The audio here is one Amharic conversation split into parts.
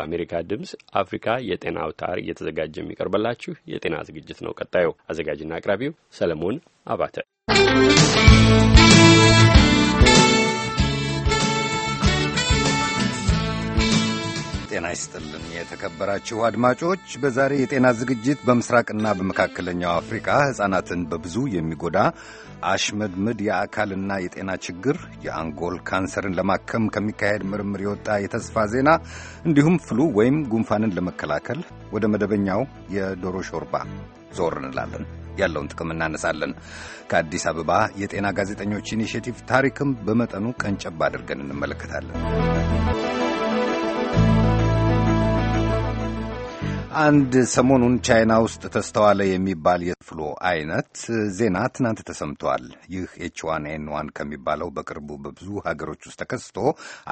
በአሜሪካ ድምፅ አፍሪካ የጤና አውታር እየተዘጋጀ የሚቀርበላችሁ የጤና ዝግጅት ነው። ቀጣዩ አዘጋጅና አቅራቢው ሰለሞን አባተ። ጤና ይስጥልን የተከበራችሁ አድማጮች በዛሬ የጤና ዝግጅት በምስራቅና በመካከለኛው አፍሪካ ሕፃናትን በብዙ የሚጎዳ አሽመድምድ የአካልና የጤና ችግር፣ የአንጎል ካንሰርን ለማከም ከሚካሄድ ምርምር የወጣ የተስፋ ዜና እንዲሁም ፍሉ ወይም ጉንፋንን ለመከላከል ወደ መደበኛው የዶሮ ሾርባ ዞር እንላለን። ያለውን ጥቅም እናነሳለን። ከአዲስ አበባ የጤና ጋዜጠኞች ኢኒሽቲቭ ታሪክም በመጠኑ ቀንጨብ አድርገን እንመለከታለን። አንድ ሰሞኑን ቻይና ውስጥ ተስተዋለ የሚባል የፍሎ አይነት ዜና ትናንት ተሰምቷል። ይህ ኤች ዋን ኤን ዋን ከሚባለው በቅርቡ በብዙ ሀገሮች ውስጥ ተከስቶ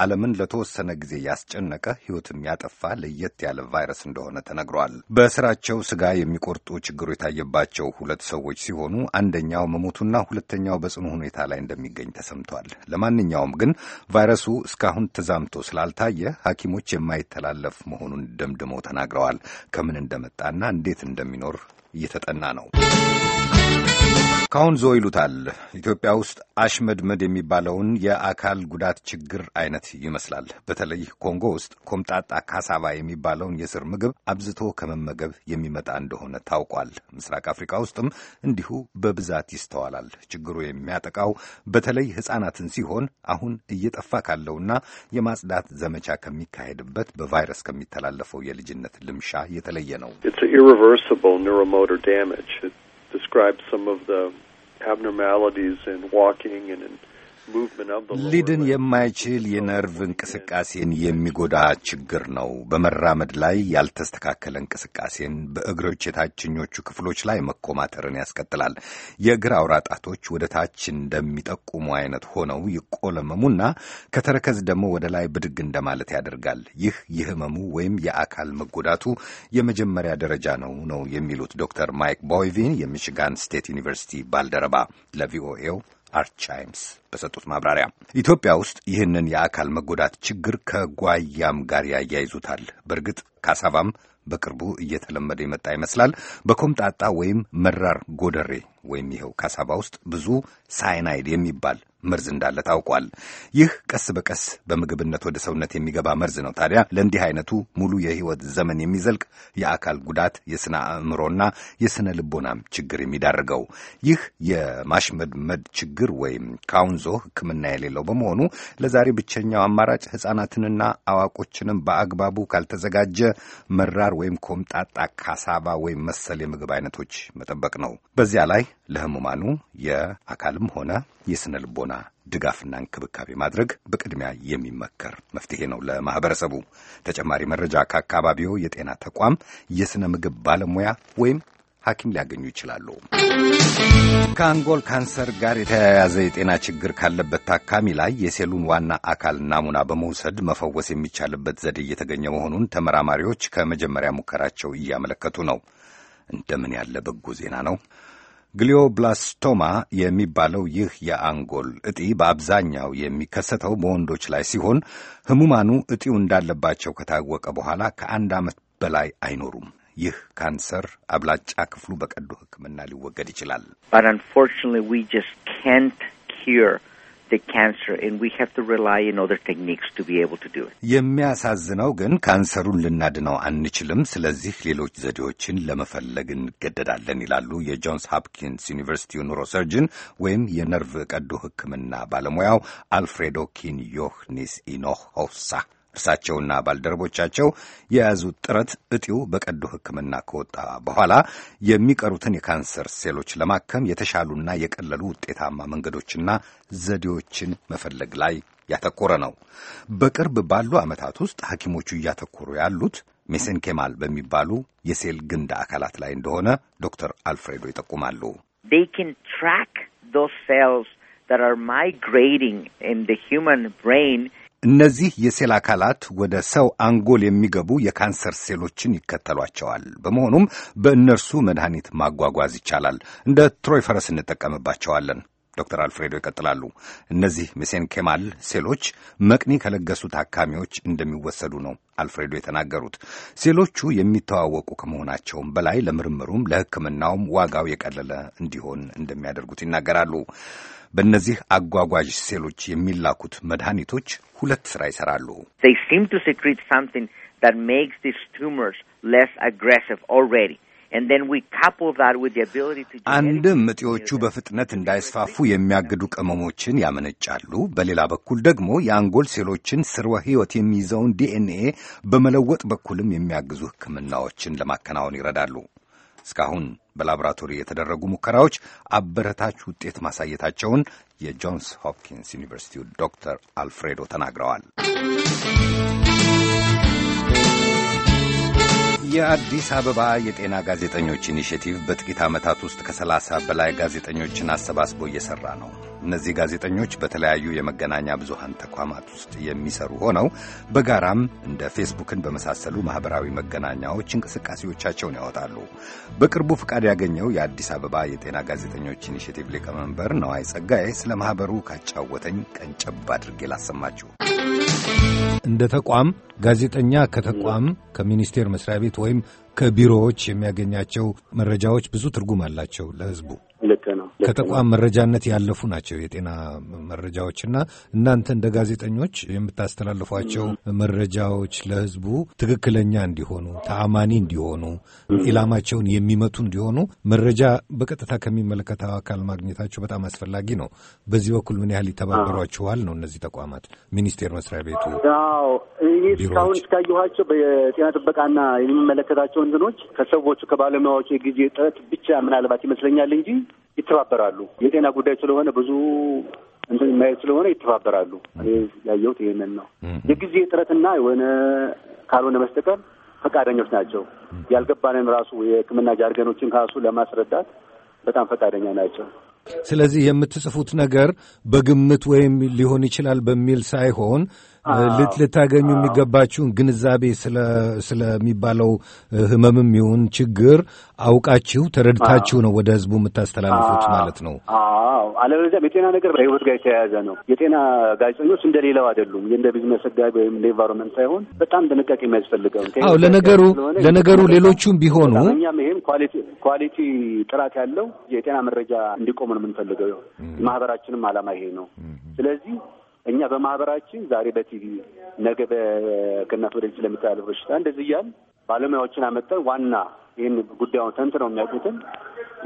ዓለምን ለተወሰነ ጊዜ ያስጨነቀ ሕይወትም ያጠፋ ለየት ያለ ቫይረስ እንደሆነ ተነግሯል። በስራቸው ስጋ የሚቆርጡ ችግሩ የታየባቸው ሁለት ሰዎች ሲሆኑ አንደኛው መሞቱና ሁለተኛው በጽኑ ሁኔታ ላይ እንደሚገኝ ተሰምቷል። ለማንኛውም ግን ቫይረሱ እስካሁን ተዛምቶ ስላልታየ ሐኪሞች የማይተላለፍ መሆኑን ደምድመው ተናግረዋል። ከምን እንደመጣና እንዴት እንደሚኖር እየተጠና ነው። እስካሁን ዞ ይሉታል። ኢትዮጵያ ውስጥ አሽመድመድ የሚባለውን የአካል ጉዳት ችግር አይነት ይመስላል። በተለይ ኮንጎ ውስጥ ኮምጣጣ ካሳቫ የሚባለውን የስር ምግብ አብዝቶ ከመመገብ የሚመጣ እንደሆነ ታውቋል። ምስራቅ አፍሪካ ውስጥም እንዲሁ በብዛት ይስተዋላል። ችግሩ የሚያጠቃው በተለይ ሕፃናትን ሲሆን አሁን እየጠፋ ካለውና የማጽዳት ዘመቻ ከሚካሄድበት በቫይረስ ከሚተላለፈው የልጅነት ልምሻ የተለየ ነው። Describe some of the abnormalities in walking and in ሊድን የማይችል የነርቭ እንቅስቃሴን የሚጎዳ ችግር ነው። በመራመድ ላይ ያልተስተካከለ እንቅስቃሴን በእግሮች የታችኞቹ ክፍሎች ላይ መኮማተርን ያስከትላል። የእግር አውራ ጣቶች ወደ ታች እንደሚጠቁሙ አይነት ሆነው ይቆለመሙና ከተረከዝ ደግሞ ወደ ላይ ብድግ እንደማለት ያደርጋል። ይህ የህመሙ ወይም የአካል መጎዳቱ የመጀመሪያ ደረጃ ነው ነው የሚሉት ዶክተር ማይክ ቦይቪን የሚሽጋን ስቴት ዩኒቨርሲቲ ባልደረባ ለቪኦኤው አርቻይምስ በሰጡት ማብራሪያ ኢትዮጵያ ውስጥ ይህንን የአካል መጎዳት ችግር ከጓያም ጋር ያያይዙታል። በእርግጥ ካሳቫም በቅርቡ እየተለመደ የመጣ ይመስላል። በኮምጣጣ ወይም መራር ጎደሬ ወይም ይኸው ካሳባ ውስጥ ብዙ ሳይናይድ የሚባል መርዝ እንዳለ ታውቋል። ይህ ቀስ በቀስ በምግብነት ወደ ሰውነት የሚገባ መርዝ ነው። ታዲያ ለእንዲህ አይነቱ ሙሉ የህይወት ዘመን የሚዘልቅ የአካል ጉዳት፣ የስነ አእምሮና የስነ ልቦናም ችግር የሚዳርገው ይህ የማሽመድመድ ችግር ወይም ካውንዞ ሕክምና የሌለው በመሆኑ ለዛሬ ብቸኛው አማራጭ ሕፃናትንና አዋቆችንም በአግባቡ ካልተዘጋጀ መራር ወይም ኮምጣጣ ካሳባ ወይም መሰል የምግብ አይነቶች መጠበቅ ነው። በዚያ ላይ ለህሙማኑ የአካልም ሆነ የስነ ልቦና ድጋፍና እንክብካቤ ማድረግ በቅድሚያ የሚመከር መፍትሄ ነው ለማህበረሰቡ። ተጨማሪ መረጃ ከአካባቢው የጤና ተቋም የስነ ምግብ ባለሙያ ወይም ሐኪም ሊያገኙ ይችላሉ። ከአንጎል ካንሰር ጋር የተያያዘ የጤና ችግር ካለበት ታካሚ ላይ የሴሉን ዋና አካል ናሙና በመውሰድ መፈወስ የሚቻልበት ዘዴ እየተገኘ መሆኑን ተመራማሪዎች ከመጀመሪያ ሙከራቸው እያመለከቱ ነው። እንደምን ያለ በጎ ዜና ነው! ግሊዮብላስቶማ የሚባለው ይህ የአንጎል እጢ በአብዛኛው የሚከሰተው በወንዶች ላይ ሲሆን ህሙማኑ እጢው እንዳለባቸው ከታወቀ በኋላ ከአንድ ዓመት በላይ አይኖሩም። ይህ ካንሰር አብላጫ ክፍሉ በቀዶ ሕክምና ሊወገድ ይችላል። የሚያሳዝነው ግን ካንሰሩን ልናድነው አንችልም፣ ስለዚህ ሌሎች ዘዴዎችን ለመፈለግ እንገደዳለን ይላሉ የጆንስ ሃፕኪንስ ዩኒቨርሲቲ ኑሮ ሰርጅን ወይም የነርቭ ቀዶ ሕክምና ባለሙያው አልፍሬዶ ዮህኒስ ኢኖሆሳ እርሳቸውና ባልደረቦቻቸው የያዙት ጥረት እጢው በቀዶ ሕክምና ከወጣ በኋላ የሚቀሩትን የካንሰር ሴሎች ለማከም የተሻሉና የቀለሉ ውጤታማ መንገዶችና ዘዴዎችን መፈለግ ላይ ያተኮረ ነው። በቅርብ ባሉ ዓመታት ውስጥ ሐኪሞቹ እያተኮሩ ያሉት ሜሴንኬማል በሚባሉ የሴል ግንዳ አካላት ላይ እንደሆነ ዶክተር አልፍሬዶ ይጠቁማሉ። ሴልስ ማይግሬቲንግ ኢን ሂውማን ብሬን እነዚህ የሴል አካላት ወደ ሰው አንጎል የሚገቡ የካንሰር ሴሎችን ይከተሏቸዋል። በመሆኑም በእነርሱ መድኃኒት ማጓጓዝ ይቻላል። እንደ ትሮይ ፈረስ እንጠቀምባቸዋለን። ዶክተር አልፍሬዶ ይቀጥላሉ። እነዚህ ሜሴንኬማል ሴሎች መቅኒ ከለገሱ ታካሚዎች እንደሚወሰዱ ነው አልፍሬዶ የተናገሩት። ሴሎቹ የሚተዋወቁ ከመሆናቸውም በላይ ለምርምሩም ለሕክምናውም ዋጋው የቀለለ እንዲሆን እንደሚያደርጉት ይናገራሉ። በእነዚህ አጓጓዥ ሴሎች የሚላኩት መድኃኒቶች ሁለት ስራ ይሰራሉ። አንድም እጢዎቹ በፍጥነት እንዳይስፋፉ የሚያግዱ ቅመሞችን ያመነጫሉ። በሌላ በኩል ደግሞ የአንጎል ሴሎችን ስርወ ሕይወት የሚይዘውን ዲኤንኤ በመለወጥ በኩልም የሚያግዙ ሕክምናዎችን ለማከናወን ይረዳሉ። እስካሁን በላቦራቶሪ የተደረጉ ሙከራዎች አበረታች ውጤት ማሳየታቸውን የጆንስ ሆፕኪንስ ዩኒቨርሲቲው ዶክተር አልፍሬዶ ተናግረዋል። የአዲስ አበባ የጤና ጋዜጠኞች ኢኒሽቲቭ በጥቂት ዓመታት ውስጥ ከ30 በላይ ጋዜጠኞችን አሰባስቦ እየሠራ ነው። እነዚህ ጋዜጠኞች በተለያዩ የመገናኛ ብዙሃን ተቋማት ውስጥ የሚሰሩ ሆነው በጋራም እንደ ፌስቡክን በመሳሰሉ ማኅበራዊ መገናኛዎች እንቅስቃሴዎቻቸውን ያወጣሉ። በቅርቡ ፍቃድ ያገኘው የአዲስ አበባ የጤና ጋዜጠኞች ኢኒሽቲቭ ሊቀመንበር ነዋይ ጸጋዬ ስለ ማኅበሩ ካጫወተኝ ቀንጨብ አድርጌ ላሰማችሁ እንደ ተቋም ጋዜጠኛ ከተቋም ከሚኒስቴር መስሪያ ቤት ወይም ከቢሮዎች የሚያገኛቸው መረጃዎች ብዙ ትርጉም አላቸው ለህዝቡ ልክ ነው። ከተቋም መረጃነት ያለፉ ናቸው የጤና መረጃዎች እና እናንተ እንደ ጋዜጠኞች የምታስተላልፏቸው መረጃዎች ለህዝቡ ትክክለኛ እንዲሆኑ፣ ተአማኒ እንዲሆኑ፣ ኢላማቸውን የሚመቱ እንዲሆኑ መረጃ በቀጥታ ከሚመለከተው አካል ማግኘታቸው በጣም አስፈላጊ ነው። በዚህ በኩል ምን ያህል ይተባበሯችኋል ነው እነዚህ ተቋማት ሚኒስቴር መስሪያ ቤቱ እስካሁን እስካየኋቸው በጤና ጥበቃና የሚመለከታቸው እንትኖች ከሰዎቹ ከባለሙያዎች የጊዜ ጥረት ብቻ ምናልባት ይመስለኛል እንጂ ይተባበራሉ። የጤና ጉዳይ ስለሆነ ብዙ እንትን የማየት ስለሆነ ይተባበራሉ። ያየሁት ይህንን ነው። የጊዜ ጥረትና የሆነ ካልሆነ በስተቀር ፈቃደኞች ናቸው። ያልገባንን ራሱ የሕክምና ጃርገኖችን ከሱ ለማስረዳት በጣም ፈቃደኛ ናቸው። ስለዚህ የምትጽፉት ነገር በግምት ወይም ሊሆን ይችላል በሚል ሳይሆን ልታገኙ የሚገባችሁን ግንዛቤ ስለሚባለው ህመምም ይሁን ችግር አውቃችሁ ተረድታችሁ ነው ወደ ህዝቡ የምታስተላልፉት ማለት ነው። አዎ፣ አለበለዚያም የጤና ነገር ከህይወት ጋር የተያያዘ ነው። የጤና ጋዜጠኞች እንደሌላው አይደሉም። እንደ ቢዝነስ ህጋቢ ወይም እንደ ሳይሆን በጣም ጥንቃቄ የሚያስፈልገው። አዎ፣ ለነገሩ ለነገሩ ሌሎቹም ቢሆኑ እኛም ይሄም ኳሊቲ ጥራት ያለው የጤና መረጃ እንዲቆሙ ነው የምንፈልገው። ማህበራችንም አላማ ይሄ ነው። ስለዚህ እኛ በማህበራችን ዛሬ በቲቪ ነገ በክነት ወደ ስለሚተላለፍ በሽታ እንደዚህ እያል ባለሙያዎችን አመጠን ዋና ይህን ጉዳዩን ተንትነው የሚያውቁትን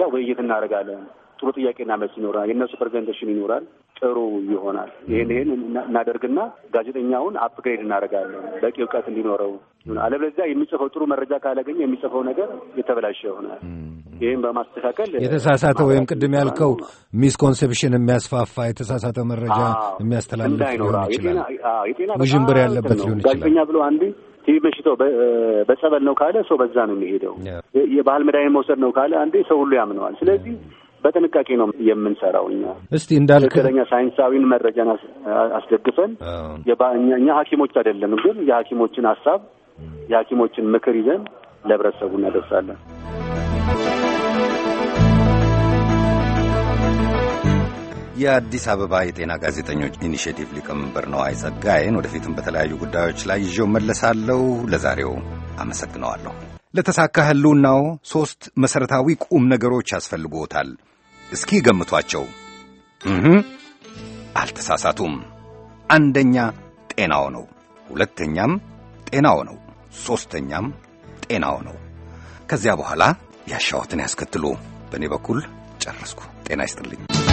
ያው ውይይት እናደርጋለን። ጥሩ ጥያቄና መልስ ይኖራል። የእነሱ ፕሬዘንቴሽን ይኖራል። ጥሩ ይሆናል። ይህን ይህን እናደርግና ጋዜጠኛውን አፕግሬድ እናደርጋለን በቂ እውቀት እንዲኖረው። አለበለዚያ የሚጽፈው ጥሩ መረጃ ካላገኘ የሚጽፈው ነገር የተበላሸ ይሆናል። ይህም በማስተካከል የተሳሳተ ወይም ቅድም ያልከው ሚስኮንሴፕሽን የሚያስፋፋ የተሳሳተ መረጃ የሚያስተላልፍ ሊሆን ይችላል፣ ውዥንብር ያለበት ሊሆን ይችላል። ጋዜጠኛ ብሎ አንድ ቲቪ በሽቶ በጸበል ነው ካለ ሰው በዛ ነው የሚሄደው። የባህል መድኃኒት መውሰድ ነው ካለ አንዴ ሰው ሁሉ ያምነዋል። ስለዚህ በጥንቃቄ ነው የምንሰራው። እኛ እስቲ እንዳልክ ትክክለኛ ሳይንሳዊን መረጃን አስደግፈን እኛ ሐኪሞች አይደለንም፣ ግን የሐኪሞችን ሀሳብ የሐኪሞችን ምክር ይዘን ለህብረተሰቡ እናደርሳለን። የአዲስ አበባ የጤና ጋዜጠኞች ኢኒሽቲቭ ሊቀመንበር ነዋይ ጸጋዬን ወደፊትም በተለያዩ ጉዳዮች ላይ ይዤው መለሳለሁ። ለዛሬው አመሰግነዋለሁ። ለተሳካ ህልውናው ሦስት መሠረታዊ ቁም ነገሮች ያስፈልግዎታል። እስኪ ገምቷቸው። አልተሳሳቱም። አንደኛ ጤናው ነው። ሁለተኛም ጤናው ነው። ሦስተኛም ጤናው ነው። ከዚያ በኋላ ያሻዎትን ያስከትሉ። በእኔ በኩል ጨረስኩ። ጤና ይስጥልኝ።